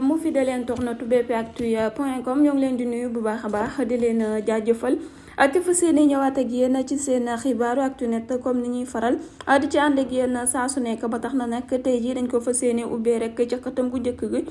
mu jàmm leen internaute BP Actu point com ñoo ngi leen di nuyu bu baax a baax di leen euh, jaajëfal ati fu seeni ñëwaat ak yéen ci seen xibaaru Actu Net comme ni ñuy faral di ci ànd ak yéen saa su nekk ba tax na nag tey jii dañ ko fa seeni ubbee rek ca xëtam gu njëkk gi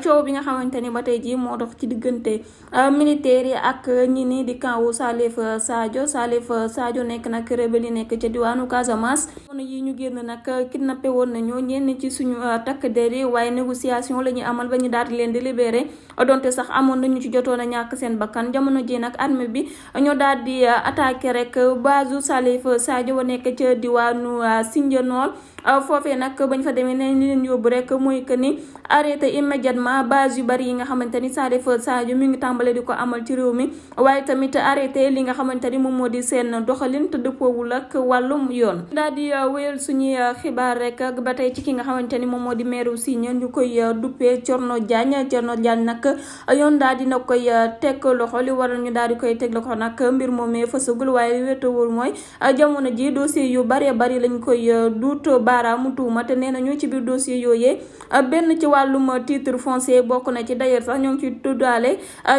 coow bi nga xamante ni ba tey jii moo dox ci diggante militaire yi ak ñi nii di kanwu Salif Sadio Salif saajo nekk nag ba yi nekk ci diwaanu Casamance noonu yi ñu génn nag kidnappé woon nañu ñenn ci suñu takk der yi waaye négociation la ñuy amal ba ñu daal di leen di libéré donte sax amoon nañu ci jotoon a ñàkk seen bakkan jamono ji nag armée daal di uh, attaqué rek base Salif Sadio nekk ca diwaanu uh, Sindianoor Euh, foofee nag bañ fa demee ne ni leen yóbbu rek muy que ni arrêté immédiatement base yu bari yi nga xamante ni Salif Sadio mi ngi tàmbale di ko amal ci réew mi waaye tamit arrêté li nga xamante ni moom moo di seen doxalint te dëppoowul ak wàllum yoon daal di euh, wéyal suñuy euh, xibaar rek ak ba tey ci ki nga xamante ni moom moo di meeru Signe ñu koy duppee Thierno Diagne Thierno Diagne nag yoon daal na koy teg loxo li waral ñu daal di koy teg ko nag mbir moomee fësagul waaye wéetawul mooy jamono ji dossier yu baree bari lañ koy baaraamu tuuma te nee nañu ci biir dossier yooyee benn na ci d'ailleurs sax ñoo ngi ci tuddaale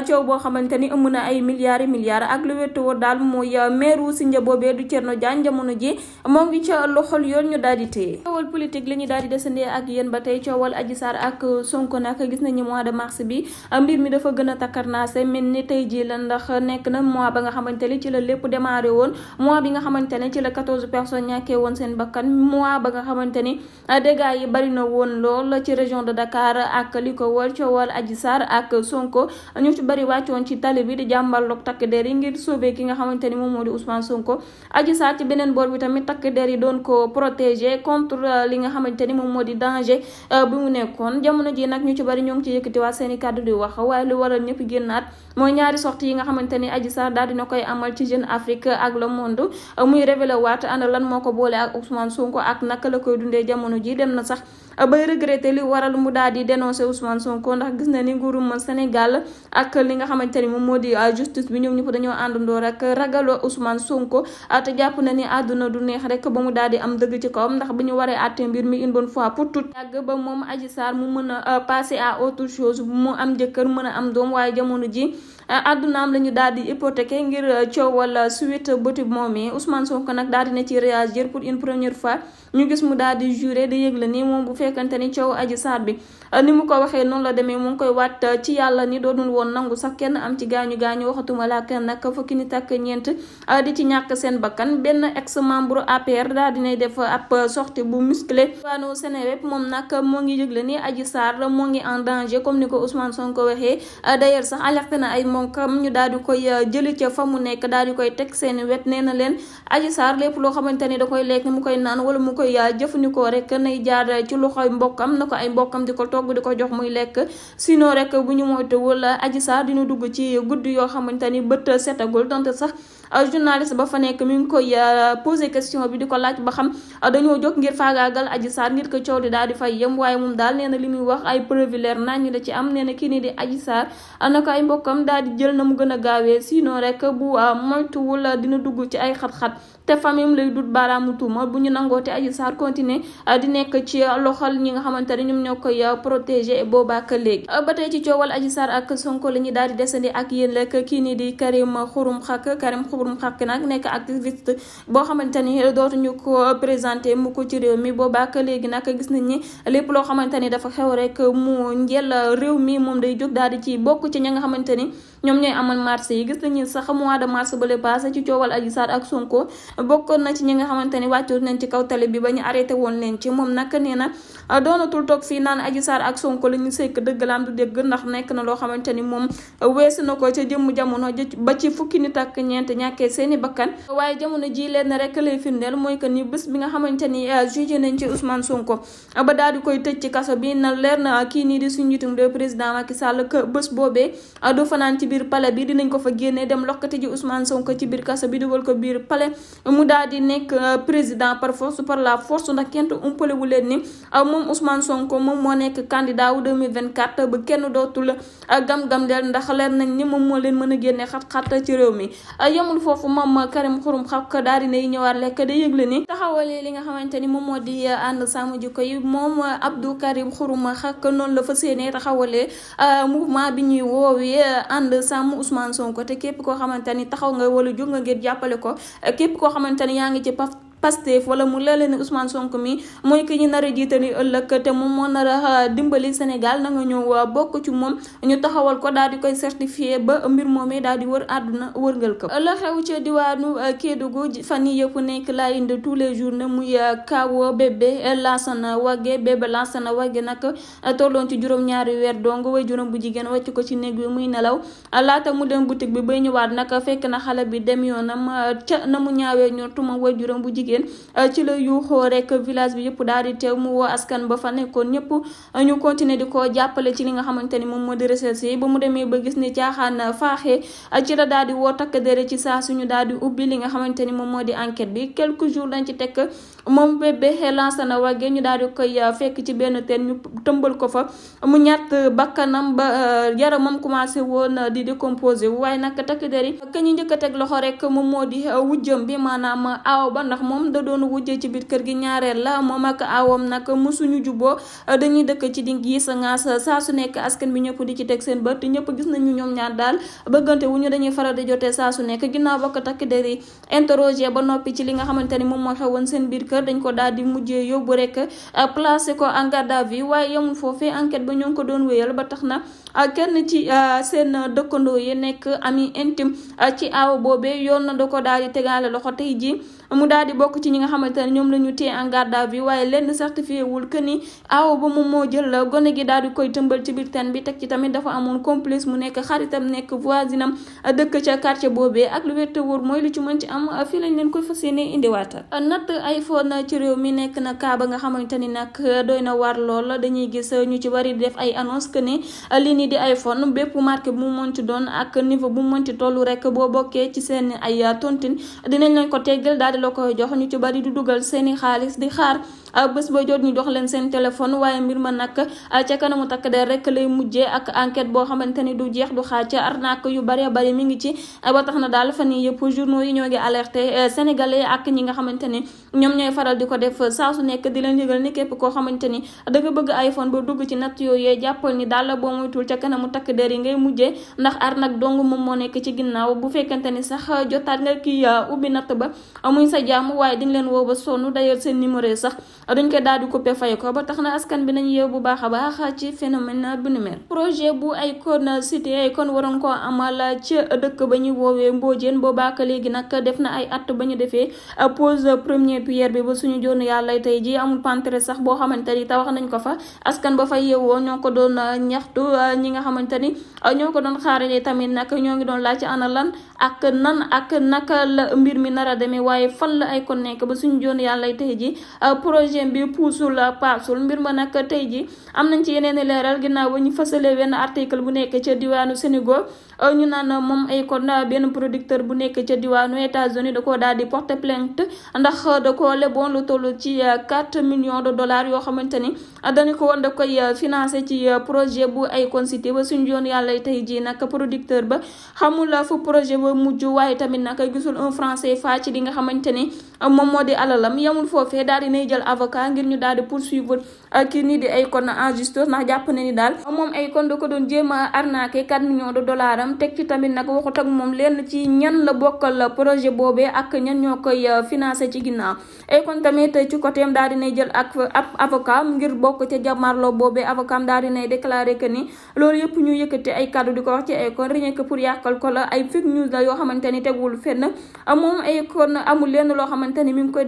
coow boo xamante ay milliards milliards ak lu wétu woo daal mooy meeru si ji moo ngi ca loxol yoon ñu daal di téye coowal politique la ñu daal di desandee ak yéen ba tey coowal Adji Sarr ak Sonko nag gis nañu mois de mars bi mbir mi dafa gën a takkarnaase mel ni tey jii la ndax nekk na mois ba nga xamante ni ci la lépp démarré woon mois bi nga xamante ne ci la quatorze personnes ñàkkee woon seen bakkan mois ba nga xamante ni ah, dégâts yi bari na woon lool ci région de Dakar ak li ko wër coowal Adji Sarr ak Sonko ñu ci bari wàccoon ci tali bi di jàmbarloog takk der yi ngir sauver ki nga xamante ni moom moo di Ousmane Sonko Adji Sarr bi tamit takk der yi doon ko protéger contre ah, li nga xamante ni moom moo di danger ah, bi mu nekkoon jamono ji nag ñu ci bari ñoo ngi ci yëkkatiwaat seen i kàddu di wax waaye lu waral ñëpp génnaat mooy ñaari sortie yi nga xamante ni Adji Sarr daal dina koy amal ci Jeune Afrique ak Le Monde muy révélé waat ana lan moo ko boole ak Ousmane Sonko ak naka la koy dundee jamono ji dem na sax bay regretté li waral mu daal di dénoncé Ousmane Sonko ndax gis na ni nguurum Sénégal ak li nga xamante ni moom moo di euh, justice bi ñoom ñu ñëpp dañoo àndandoo rek ragaloo Ousmane Sonko ah, te jàpp na ni àdduna du neex rek ba mu daal di am dëgg ci kawam ndax bi ñu waree àtte mbir mi une bonne fois pour tout yàgg ba moom Adji Sarr mu mën a euh, mu mën a am doom waaye jamono ji euh, àddunaam la ñu daal di hypothéqué ngir coowal suite bëti moomee Ousmane Sonko nag daal di na ci réagir pour une première fois ñu gis mu daal di juré di yëgle ni moom bu fekkante ni coow aji saar bi mu ko waxee noonu la demee mu ngi koy waat ci yàlla ni doonul woon nangu sax kenn am ci gaañu gaañu waxatuma laa kenn nag fukki nit ak ñeent ah, di ci ñàkk seen bakkan benn ex membre APR daal dinay def ab sortie bu musclé waano Seneweb moom nag moo ngi yëgle ni aji saar moo ngi en danger comme ni ko Ousmane Sonko waxee ah, d'ailleurs sax alerté na ay monkam ñu daal di koy ah, jëli ca fa mu nekk daal di koy teg seen wet nee na leen aji saar lépp loo xamante ni da koy lekk mu koy naan wala mu koy jëfandikoo rek nay jaar ci loxo ko ay mbokkam na ko ay mbokkam di ko togg di ko jox muy lekk sinon rek bu ñu moytuwul Adji Sarr dina dugg ci gudd yoo xamante ni bët setagul donte sax euh, journaliste ba fa nekk mi ngi koy euh, posé question bi di ko laaj ba xam euh, dañoo jóg ngir faagaagal Adji Sarr ngir ko coow di daal di fay yem waaye moom daal nee na li muy wax ay preuve leer nañ la ci am nee na kii nii di Adji Sarr na ay mbokkam daal di jël na mu gën a gaawee sinon rek bu moytuwul dina dugg ci ay xat-xat te famille lay dut baaraamu tuuma bu ñu nangooti Adji Sarr continuer euh, di nekk ci loxol ñi nga xamante ne ñoom ñoo koy euh, protéger boobaa ak léegi euh, ba tey ci coowal Adji Sarr ak Sonko la ñuy daal di desandi ak yéen rek kii nii di Karim Xurum Xaq Karim Xurum Xaq nag nekk ak activiste boo xamante ni dootuñu ko présenté mu ko ci réew mi boobaa ak léegi nag gis nañ ni lépp loo xamante ni dafa xew rek mu njël réew mi moom day jóg daal di ci bokk ci ña nga xamante ni ñoom ñooy amal marché yi gis nañu sax mois de mars ba le passé ci coowal Adji ak Sonko bokkoon na ci ñi nga xamante ni wàccu nañ ci kaw tali bi ba ñu arrêté woon leen ci moom nag nee na ah, doonatul toog fii naan Adji Sarr ak Sonko la ñu sekk dëgg laam du dégg ndax nekk na loo xamante ni moom weesu na ko ca jëmm jamono ba ci fukki nit takk ñeent ñàkkee seeni bakkan waaye jamono jii leen rek lay firndeel mooy que nii bës bi nga xamante ni ah, jugé nañ ci Ousmane Sonko ah, ba daal di koy tëj ci kaso bi na leer na kii nii di suñu njiitum de président Macky Sall bës bés boobee du fanaan ci biir palais bi dinañ ko fa génnee dem lokkati ji Ousmane Sonko ci biir kaso bi dugal ko biir palais mu daal nekk euh, président par force par la force ndax kenn umpale wu leen euh, euh, leen ni moom moo leen mën a génne xat-xat ci réew mi yemul foofu moom Karim Xurum Xaq daal di nay ñëwaat lekk da yëgle ni taxawalee li nga xamante ni moom moo di ànd sàmm jikko yi moom Abdou Karim Xurum Xaq noonu la fa séenee taxawalee mouvement bi ñuy woowee ànd sàmm Ousmane Sonko te képp koo xamante ni taxaw nga wala jóg nga ngir jàppale ko képp koo xamante ni yaa ngi ci Pastef wala mu leele ne Ousmane Sonko mi mooy ki ñu nar a jiite ni te moom moo nar dimbali Sénégal na nga ñëw bokk ci moom ñu taxawal ko daal di koy certifié ba mbir moomee daal di wër àdduna wërngal ko la xew ca diwaanu euh, Kédougou fan yi yëpp nekk la indi tous les jours ne muy euh, kawo euh, bébé Lansana Wagué bébé na Wagué nag tolloon ci juróom-ñaari weer dong way juróom bu jigéen wàcc ko ci néeg bi muy nelaw laata mu dem boutique bi bay ñëwaat nag fekk na xale bi dem yoonam bu jigéen jigéen euh, ci la yuuxoo rek village bi yëpp daal di teew mu woo askan ba fa nekkoon ñëpp ñu continuer di ko jàppale ci li nga xamante ni moom moo di recherche ba mu demee ba gis ni caaxaan faaxee ci la daal di woo takk dere ci saa suñu daal di ubbi li nga xamante ni moom moo di enquête bi quelques jours dañ ci tekk moom bébé Lansana Wagué ñu daal di koy euh, fekk ci benn teen ñu tëmbal ko fa mu ñàtt bakkanam ba euh, yaramam commencé woon euh, di décomposé waaye nag takk der yi ka ñu njëkk teg loxo rek moom moo di wujjam bi maanaam aaw ba ndax moom da doon wujje ci biir kër gi ñaareel la moom ak aawam nag musuñu juboo dañuy dëkk ci di gis ngaas saa su nekk askan bi ñëpp di ci teg seen bët ñëpp gis nañu ñoom ñaar daal bëggante wu ñu dañuy faral di jotee saa su nekk ginnaaw ba takk der yi ba noppi ci li nga xamante ni moom moo xewoon seen biir kër dañ ko daal di mujjee yóbbu rek euh, placé ko en garde à vue waaye yemul foofee enquête ba ñoo ngi ko doon wéyal ba tax na euh, kenn ci euh, seen dëkkandoo yi nekk ami intime ci aaw boobee yoon na da ko daal di loxo tey jii mu daal di bokk ci ñi nga xamante ne ñoom lañu ñu téye en garde à waaye lenn certifié wul que ni aaw ba mu moo jël gone gi daal di koy tëmbal ci biir teen bi teg ci tamit dafa amoon complice mu nekk xaritam nekk voisinam dëkk ca quartier boobee ak lu wérte wóor mooy lu ci mën ci am fii lañ leen koy fas yéene indiwaata natt iPhone ci réew mi nekk na kaa ba nga xamante ni nag doy na war lool dañuy gis ñu ci bari def ay annonce que ne lii nii di iPhone bépp marque bu mu mën ci doon ak niveau bu mu mën ci toll rek boo bokkee ci seen ay tontin dinañ leen ko teggal daal la koy jox ñu ci bari du dugal seeni xaalis di xaar Ah, bés ba jot ñu jox leen seen téléphone waaye mbir ma nag ah, ca kanamu takk der rek lay mujjee ak enquête boo xamante ni du jeex du xaaj arnaque yu bare bare mi ngi ci ah, ba tax na daal fan yii yëpp journaux yi ñoo ngi alerté eh, sénégalais ak ñi nga xamante ni ñoom ñooy faral di ko def saa su nekk di leen yëgal ni képp koo xamante ni danga nga bëgg iPhone ba dugg ci natt yooyee jàppal ni daal boo moytul ca kanamu takk der yi ngay mujjee ndax ar nag dong moom moo nekk ci ginnaaw bu fekkente ni sax jotaat nga kii ubbi natt ba amuñ sa jàmm waaye leen woo ba sonn d'ailleurs seen numéro sax dañ koy daal di coupé fay ko ba tax na askan bi nañu yeew bu baax a baax ci phénomène bu ni mel projet bu ay kon cité kon waroon koo amal ci dëkk ba ñu woowee Mbodiène boobaak léegi nag def na ay at ba ñu defee pose première pierre bi ba suñu joon yàlla tey ji amul pantere sax boo xamante ni tawax nañ ko fa askan ba fa yeewoo ñoo ko doon ñaxtu ñi nga xamante ni ñoo ko doon xaarale tamit nag ñoo ngi doon laaj ci ana lan ak nan ak naka la mbir mi nar a demee waaye fan la ay kon nekk ba suñu jon yàlla tey ji projet bi puusul euh, paasul mbir ma nag tey ji am nañ ci yeneen i leeral ginnaaw ba ñu fasalee benn article bu nekk ca diwaanu Sénégal euh, ñu naan euh, moom ay kon benn producteur bu nekk ca diwaanu États-Unis da koo daal di porter plainte ndax da koo leboon lu toll ci 4 millions de dollars yoo xamante ni dañu ko woon da koy financé ci projet bu ay concité ba suñu yoon yàlla tey ji nag producteur ba xamul fu projet ba mujj waaye tamit nag gisul un franc CFA ci nga xamante ni moom moo di alalam avocat ngir ñu daal di poursuivre kii nii di Akon en justice ndax jàpp na ni daal moom Akon da ko doon jéem a la bokkal projet boobe ak ñan ñoo koy euh, financé ci ginnaaw Akon tamit ci côté am daal di nay jël ak ab avocat ngir bokk ca jàmmarloo boobee avocat am daal di nay déclaré que ni loolu yëpp ñu yëkkati ay kaddu di ko wax ci Akon rien pour yàqal ko la ay fake news la yoo xamante ni tegwul fenn moom Akon amul lenn loo xamante ni koy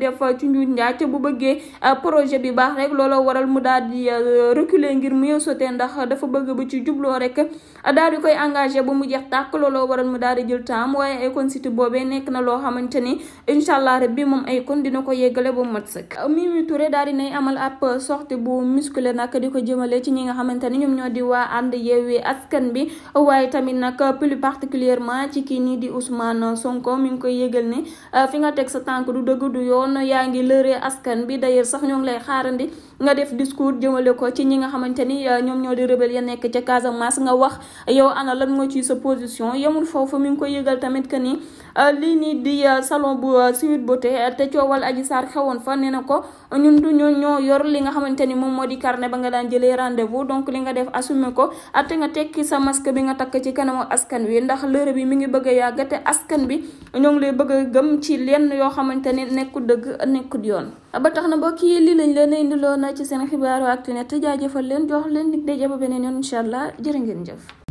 Euh, projet bi baax rek looloo waral mu daal di euh, reculer ngir mieux sauter ndax dafa bëgg ba ci jubloo rek euh, daal di koy engagé ba mu jeex tàkk looloo waral mu daal di jël temps waaye Akon City boobee nekk na loo xamante ni incha allah bi moom Akon dina ko yeggale ba mat sëkk. Mimi Touré daal di nay amal ab sortie bu musclé nag di ko jëmale ci ñi nga xamante ni ñoom ñoo di waa ànd yeewi askan bi waaye tamit nag plus particulièrement ci kii nii di Ousmane Sonko mi ngi koy yëgal ni fi nga teg sa tànk du dëgg du yoon yaa ngi lëree askan bi d'ailleurs sax ñoo ngi lay xaarandi nga def discours jëmale ko ci ñi nga xamante ni euh, ñoom ñoo di rebelle ya nekk ca Casamance nga wax yow ana lan moo ci sa position yemul foofu mi ngi koy yëgal tamit que ni euh, lii nii di euh, salon bu Sweet Beauté te coowal Adji Sarr xewoon fa nee na ko ñun du ñoo ñoo yor li nga xamante ni moom moo di carnet ba nga daan jëlee rendez-vous donc li nga def assumé ko atte nga tekki sa masque bi nga takk ci kanamu askan wi ndax lëre bi mi ngi bëgg a yàgg askan bi ñoo ngi lay bëgg gëm ci lenn yoo xamante ni nekkul dëgg nekkul yoon la ci seen xibaaru Actunet te jaajëfal leen jox leen dig daje ba beneen yoon incha allah jërë ngeen jëf.